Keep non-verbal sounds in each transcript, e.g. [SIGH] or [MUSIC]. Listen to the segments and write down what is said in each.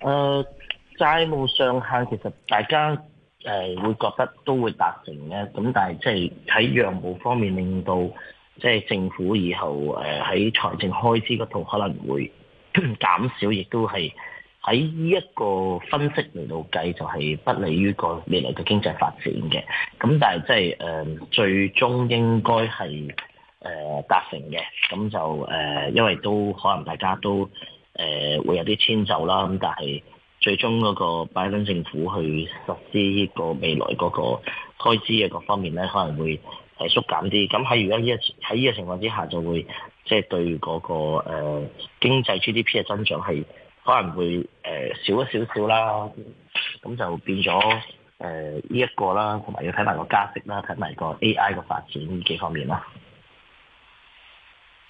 誒，債、呃、務上限其實大家誒、呃、會覺得都會達成嘅，咁但係即係喺讓步方面，令到即係政府以後誒喺財政開支嗰度可能會減 [LAUGHS] 少，亦都係喺呢一個分析嚟到計，就係不利於個未來嘅經濟發展嘅。咁但係即係誒最終應該係誒達成嘅，咁就誒、呃、因為都可能大家都。誒、呃、會有啲遷就啦，咁但係最終嗰個拜登政府去實施呢個未來嗰個開支嘅各方面咧，可能會係縮減啲。咁喺而家呢一，喺呢個情況之下就，就會即係對嗰、嗰個誒、呃、經濟 GDP 嘅增長係可能會誒、呃、少一少少啦。咁就變咗誒呢一個啦，同埋要睇埋個加息啦，睇埋個 AI 嘅發展呢幾方面啦。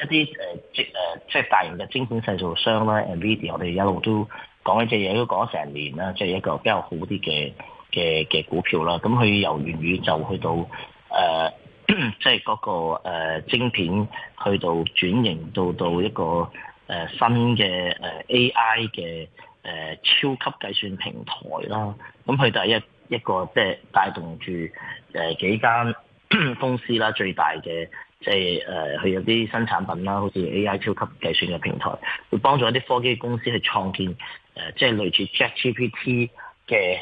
一啲誒、呃、即係大型嘅晶片製造商啦，NVIDIA 我哋一路都講一隻嘢都講成年啦，即、就、係、是、一個比較好啲嘅嘅嘅股票啦。咁佢由元宇宙去到誒、呃，即係、那、嗰個、呃、晶片去到轉型到到一個誒、呃、新嘅誒、呃、AI 嘅誒、呃、超級計算平台啦。咁佢就係一一個即係帶動住誒、呃、幾間。 [COUGHS] 公司啦，最大嘅即係誒，佢、呃、有啲新產品啦，好似 AI 超級計算嘅平台，會幫助一啲科技公司去創建誒、呃，即係類似 ChatGPT 嘅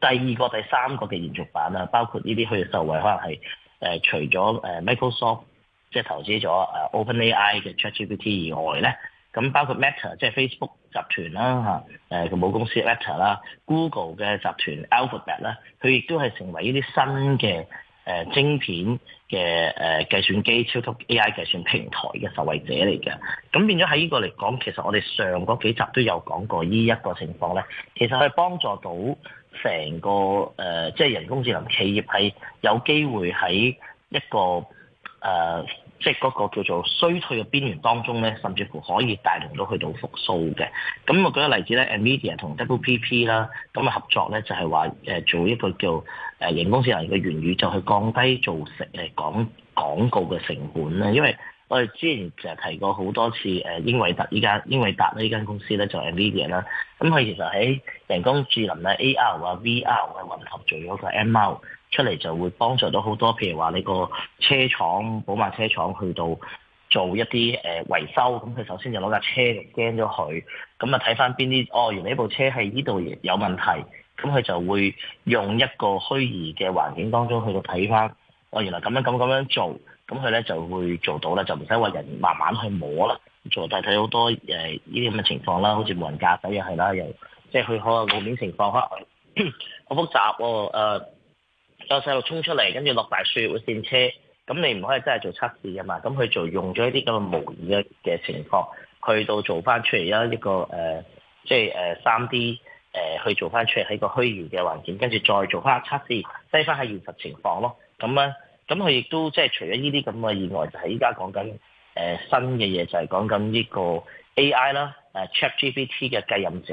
第二個、第三個嘅延續版啦，包括呢啲佢嘅受惠，可能係誒、呃，除咗、呃、Microsoft 即係投資咗、呃、OpenAI 嘅 ChatGPT 以外咧，咁包括 Meta 即係 Facebook 集團啦嚇，誒佢母公司 Meta 啦，Google 嘅集團 Alphabet 啦，佢亦都係成為呢啲新嘅。誒晶片嘅誒計算機超級 AI 計算平台嘅受惠者嚟嘅，咁變咗喺呢個嚟講，其實我哋上嗰幾集都有講過呢一個情況咧，其實係幫助到成個誒，即、呃、係、就是、人工智能企業係有機會喺一個誒。呃即係嗰個叫做衰退嘅邊緣當中咧，甚至乎可以帶動到去到復甦嘅。咁我舉個例子咧 NVIDIA 同 WPP 啦，咁啊合作咧就係、是、話、呃、做一個叫做、呃、人工智能嘅原語，就去降低做成誒講、呃、廣告嘅成本啦，因為我哋之前就提過好多次、呃、英偉達呢間英偉達呢間公司咧，就係 NVIDIA 啦，咁佢其實喺人工智能啊 AR 啊 VR 嘅混合做咗個 MR 出嚟就會幫助到好多，譬如話你個車廠、寶馬車廠去到做一啲誒維修，咁佢首先就攞架車嚟驚咗佢，咁啊睇翻邊啲哦，原來呢部車喺呢度有問題，咁佢就會用一個虛擬嘅環境當中去到睇翻哦，原來咁樣咁咁樣做，咁佢咧就會做到啦，就唔使話人慢慢去摸啦。做啊，但係睇好多誒呢啲咁嘅情況啦，好似冇人駕駛又係啦，又即係佢可能路面情況好 [COUGHS] 複雜喎、哦，呃有細路衝出嚟，跟住落大雪會線車，咁你唔可以真係做測試噶嘛？咁佢就用咗一啲咁嘅模擬嘅嘅情況，去到做翻出嚟啦，一個即係誒三 D、呃、去做翻出嚟喺個虛擬嘅環境，跟住再做翻測試，低翻喺現實情況咯。咁咧，咁佢亦都即係除咗呢啲咁嘅意外，就係依家講緊新嘅嘢，就係講緊呢個 AI 啦、啊、ChatGPT 嘅繼任者，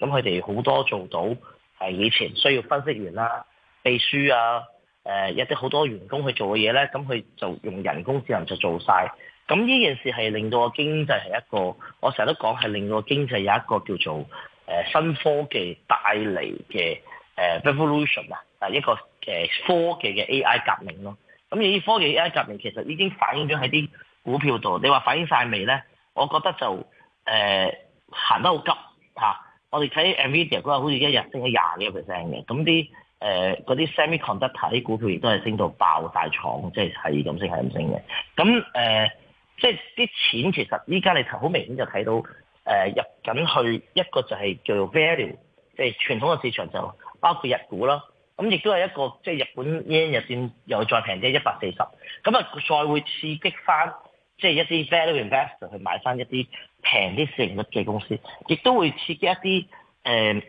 咁佢哋好多做到係、啊、以前需要分析員啦。秘書啊，誒一啲好多員工去做嘅嘢咧，咁佢就用人工智能就做晒。咁呢件事係令到個經濟係一個，我成日都講係令到個經濟有一個叫做誒、呃、新科技帶嚟嘅、呃、revolution 啊，啊一個科技嘅 AI 革命咯。咁呢啲科技 AI 革命其實已經反映咗喺啲股票度，你話反映晒未咧？我覺得就誒、呃、行得急、啊、好急，我哋睇 Nvidia 嗰日好似一日升咗廿幾個 percent 嘅，咁啲。誒嗰啲 semiconductor、呃、啲股票亦都係升到爆晒倉，即係係咁升係咁升嘅。咁誒，即係啲錢其實依家你睇好明顯就睇到誒入緊去一個就係叫做 value，即係傳統嘅市場就包括日股啦。咁亦都係一個即係、就是、日本 yen 日，日線又再平啲一百四十，咁啊再會刺激翻即係一啲 value investor 去買翻一啲平啲市盈率嘅公司，亦都會刺激一啲誒。呃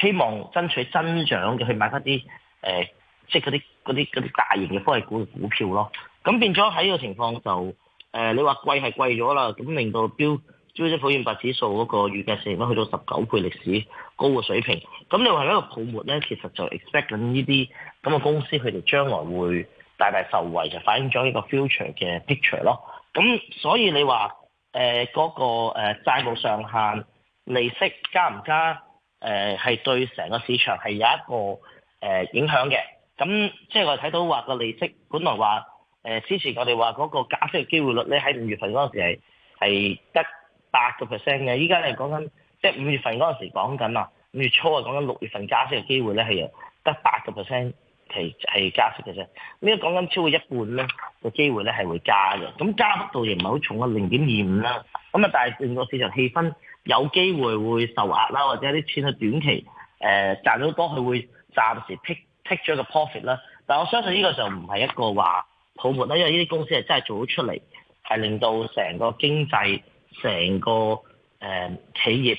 希望爭取增長嘅去買翻啲誒，即係啲啲啲大型嘅科技股股票咯。咁變咗喺呢個情況就誒、呃，你話貴係貴咗啦，咁令到標標指普五百指數嗰個預計市盈率去到十九倍歷史高嘅水平。咁你話喺一個泡沫咧，其實就 expect 緊呢啲咁嘅公司佢哋將來會大大受惠，就反映咗呢個 future 嘅 picture 咯。咁所以你話誒嗰個誒、呃、債務上限利息加唔加？誒係、呃、對成個市場係有一個誒、呃、影響嘅，咁即係我哋睇到話個利息，本來話誒、呃、之前我哋話嗰個加息嘅機會率咧，喺五月份嗰陣時係係得八個 percent 嘅，依家你講緊，即係五月份嗰陣時講緊啦，五月初啊講緊六月份加息嘅機會咧係由得八個 percent 其係加息嘅啫，呢個講緊超過一半咧個機會咧係會加嘅，咁加幅度亦唔係好重啊，零點二五啦，咁啊但係成個市場氣氛，有機會會受壓啦，或者啲錢係短期誒、呃、賺到多，佢會暫時剔剔咗個 profit 啦。但係我相信呢個就唔係一個話泡沫啦，因為呢啲公司係真係做到出嚟，係令到成個經濟、成個誒、呃、企業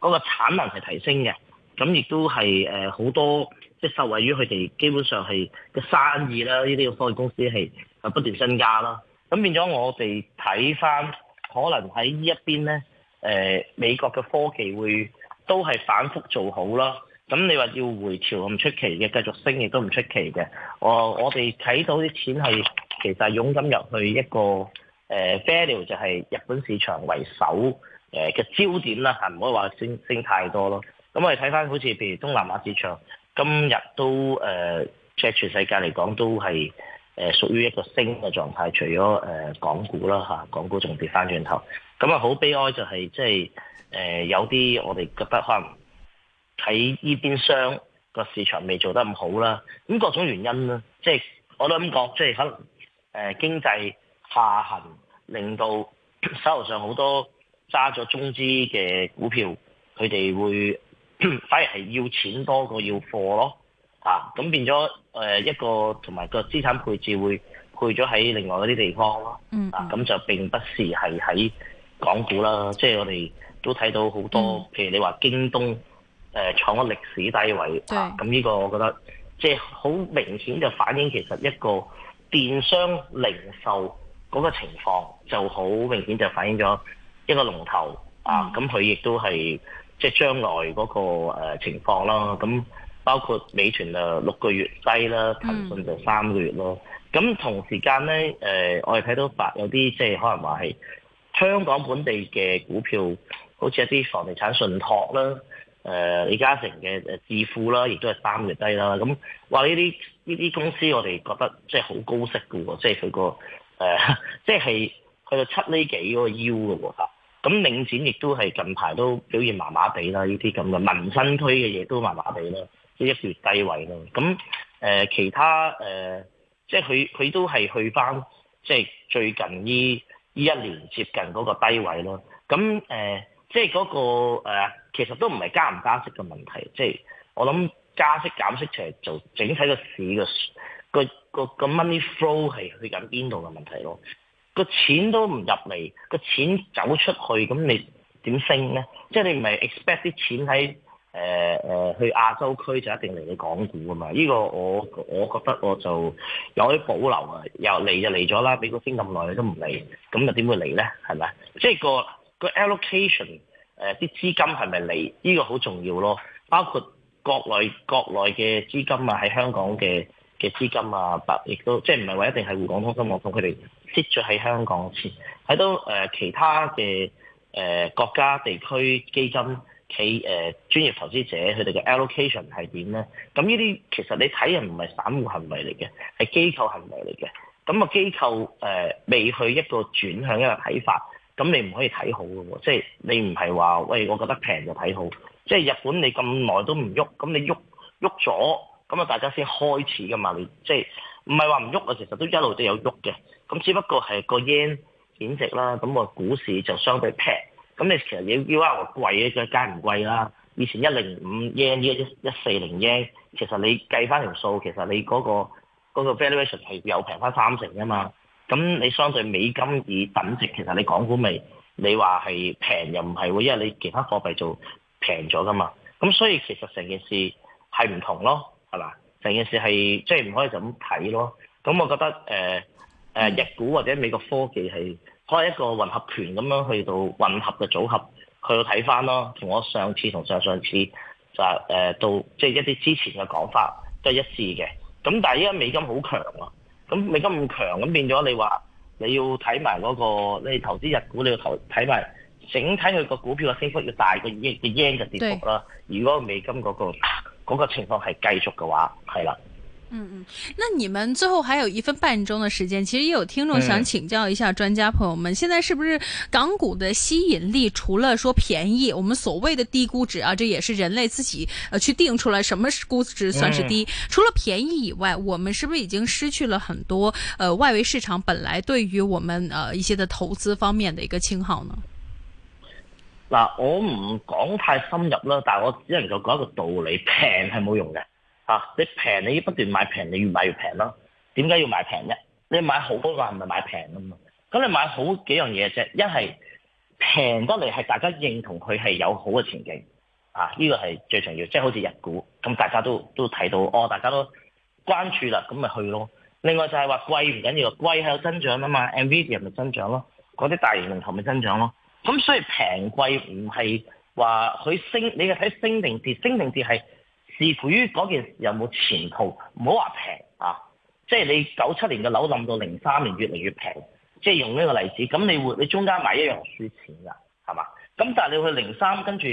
嗰個產能係提升嘅。咁亦都係誒好多即係受惠於佢哋，基本上係嘅生意啦。呢啲科技公司係不斷增加啦。咁變咗我哋睇翻，可能喺呢一邊咧。誒、呃、美國嘅科技會都係反覆做好咯。咁你話要回調唔出奇嘅，繼續升亦都唔出奇嘅。我我哋睇到啲錢係其實係湧金入去一個誒、呃、value，就係日本市場為首誒嘅、呃、焦點啦，係唔可以話升升太多咯。咁我哋睇翻好似譬如東南亞市場，今日都誒，即係、呃、全世界嚟講都係。屬於一個升嘅狀態，除咗、呃、港股啦，港股仲跌翻轉頭，咁啊好悲哀就係，即係有啲我哋覺得可能喺呢邊商個市場未做得咁好啦，咁各種原因啦，即係我都咁講，即係可能誒、呃、經濟下行令到手頭上好多揸咗中資嘅股票，佢哋會反而係要錢多過要貨咯。啊，咁變咗誒、呃、一個同埋個資產配置會配咗喺另外嗰啲地方咯，mm hmm. 啊，咁就並不是係喺港股啦。即、就、係、是、我哋都睇到好多，mm hmm. 譬如你話京東誒創咗歷史低位，咁呢、mm hmm. 啊、個我覺得即係好明顯就反映其實一個電商零售嗰個情況，就好明顯就反映咗一個龍頭、mm hmm. 啊。咁佢亦都係即係將來嗰、嗰個、呃、情況啦。咁、嗯包括美團就六個月低啦，騰訊就三個月咯。咁、mm. 同時間咧，誒、呃、我哋睇到有啲即係可能話係香港本地嘅股票，好似一啲房地產信託啦，誒、呃、李嘉誠嘅誒置富啦，亦都係三個月低啦。咁話呢啲呢啲公司，我哋覺得即係好高息嘅喎，即係佢個誒即係去到七厘幾嗰個 U 嘅喎。咁領展亦都係近排都表現麻麻地啦，呢啲咁嘅民生區嘅嘢都麻麻地啦。呢一個月低位咯，咁誒、呃、其他誒、呃，即係佢佢都係去翻，即係最近呢依一年接近嗰個低位咯。咁誒、呃，即係、那、嗰個、呃、其實都唔係加唔加息嘅問題，即係我諗加息減息，其實就做整體個市個個個個 money flow 係去緊邊度嘅問題咯。個錢都唔入嚟，個錢走出去，咁你點升咧？即係你唔係 expect 啲錢喺？誒誒、呃，去亞洲區就一定嚟你港股啊嘛！呢、這個我我覺得我就有啲保留啊。又嚟就嚟咗啦，美國升咁耐你都唔嚟，咁又點會嚟咧？係咪？即係個,個 allocation 誒、呃、啲資金係咪嚟？呢、這個好重要咯。包括國內國內嘅資金啊，喺香港嘅嘅資金啊，亦都即係唔係話一定係滬港通、深港通，佢哋積咗喺香港先，喺喺到誒其他嘅誒國家地區基金。佢誒、呃、專業投資者佢哋嘅 allocation 係點咧？咁呢啲其實你睇人唔係散戶行為嚟嘅，係機構行為嚟嘅。咁、那、啊、個、機構誒、呃、未去一個轉向一個睇法，咁你唔可以睇好嘅喎。即係你唔係話喂，我覺得平就睇好。即係日本你咁耐都唔喐，咁你喐喐咗，咁啊大家先開始嘅嘛。你即係唔係話唔喐啊？其實都一路都有喐嘅。咁只不過係個 yen 貶值啦，咁、那個股市就相對平。咁你其實你叫話貴咧，梗係唔貴啦。以前一零五 yen，一一四零 yen，其實你計翻條數，其實你嗰、那個嗰、那個、valuation 係有平翻三成㗎嘛。咁你相對美金以等值，其實你港股咪你話係平又唔係喎，因為你其他貨幣就平咗噶嘛。咁所以其實成件事係唔同咯，係嘛？成件事係即係唔可以就咁睇咯。咁我覺得誒、呃呃、日股或者美國科技係。開一個混合權咁樣，去到混合嘅組合，佢睇翻咯。同我上次同上上次就誒、呃、到，即、就、係、是、一啲之前嘅講法，都係一致嘅。咁但係依家美金好強啊！咁美金咁強，咁變咗你話你要睇埋嗰個，你投資日股你要投睇埋整體佢個股票嘅升幅要大過日圓嘅嘅跌幅啦。對如果美金嗰、那個嗰、那個、情況係繼續嘅話，係啦。嗯嗯，那你們最後還有一分半鐘的時間，其實也有聽眾想請教一下專家朋友們，嗯、現在是不是港股的吸引力除了說便宜，我們所謂的低估值啊，這也是人類自己呃去定出來什麼是估值算是低，嗯、除了便宜以外，我們是不是已經失去了很多呃外圍市場本來對於我們呃一些的投資方面的一個稱號呢？嗱，我唔講太深入啦，但我只能夠講一個道理，平係冇用嘅。啊！你平，你不斷買平，你越買越平咯。點解要買平啫？你買好多話，係咪買平啊嘛，咁你買好幾樣嘢啫。一係平得嚟，係大家認同佢係有好嘅前景。啊，呢個係最重要，即係好似日股，咁大家都都睇到，哦，大家都關注啦，咁咪去咯。另外就係話貴唔緊要，貴係有增長啊嘛，Nvidia 咪增長咯。嗰啲大型龍頭咪增長咯。咁所以平貴唔係話佢升，你係睇升定跌，升定跌係。視乎於嗰件事有冇前途，唔好話平啊！即係你九七年嘅樓冧到零三年越嚟越平，即係用呢個例子，咁你會你中間買一樣輸錢㗎，係嘛？咁但係你去零三跟住，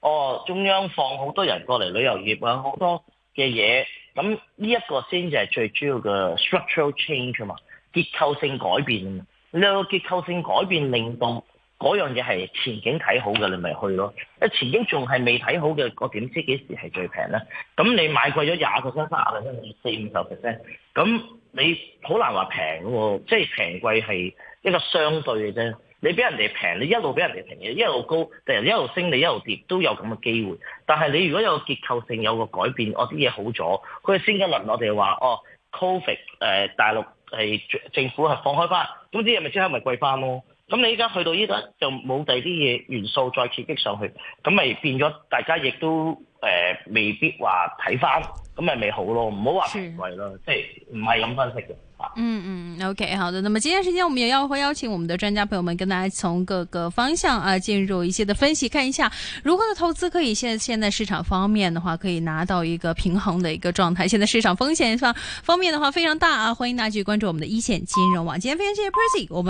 哦，中央放好多人過嚟旅遊業啊，有好多嘅嘢，咁呢一個先至係最主要嘅 structural change 嘛，結構性改變。你個結構性改變令到嗰樣嘢係前景睇好嘅，你咪去咯。誒前景仲係未睇好嘅，我點知幾時係最平咧？咁你買貴咗廿個 percent、卅四五十 percent，咁你好難話平喎。即係平貴係一個相對嘅啫。你俾人哋平，你一路俾人哋平嘅，一路高，突然一路升，你一路跌都有咁嘅機會。但係你如果有個結構性有個改變，哦、我啲嘢好咗，佢升一輪，我哋話哦，COVID、呃、大陸係政府係放開翻，總之咪之後咪貴翻咯。咁你依家去到呢度，就冇第二啲嘢元素再刺激上去，咁咪變咗大家亦都誒、呃、未必話睇翻，咁咪未好咯，唔好話評判咯，是即係唔係咁分析嘅嚇、嗯。嗯嗯，OK，好的。那麼，今天時間，我們也要會邀請我們的專家朋友們跟大家從各個方向啊，進入一些的分析，看一下如何的投資可以，現在現在市場方面的話，可以拿到一個平衡的一個狀態。現在市場風險上方面的話，非常大啊！歡迎大家去關注我們的一線金融網。今天非常謝謝 Percy，我們。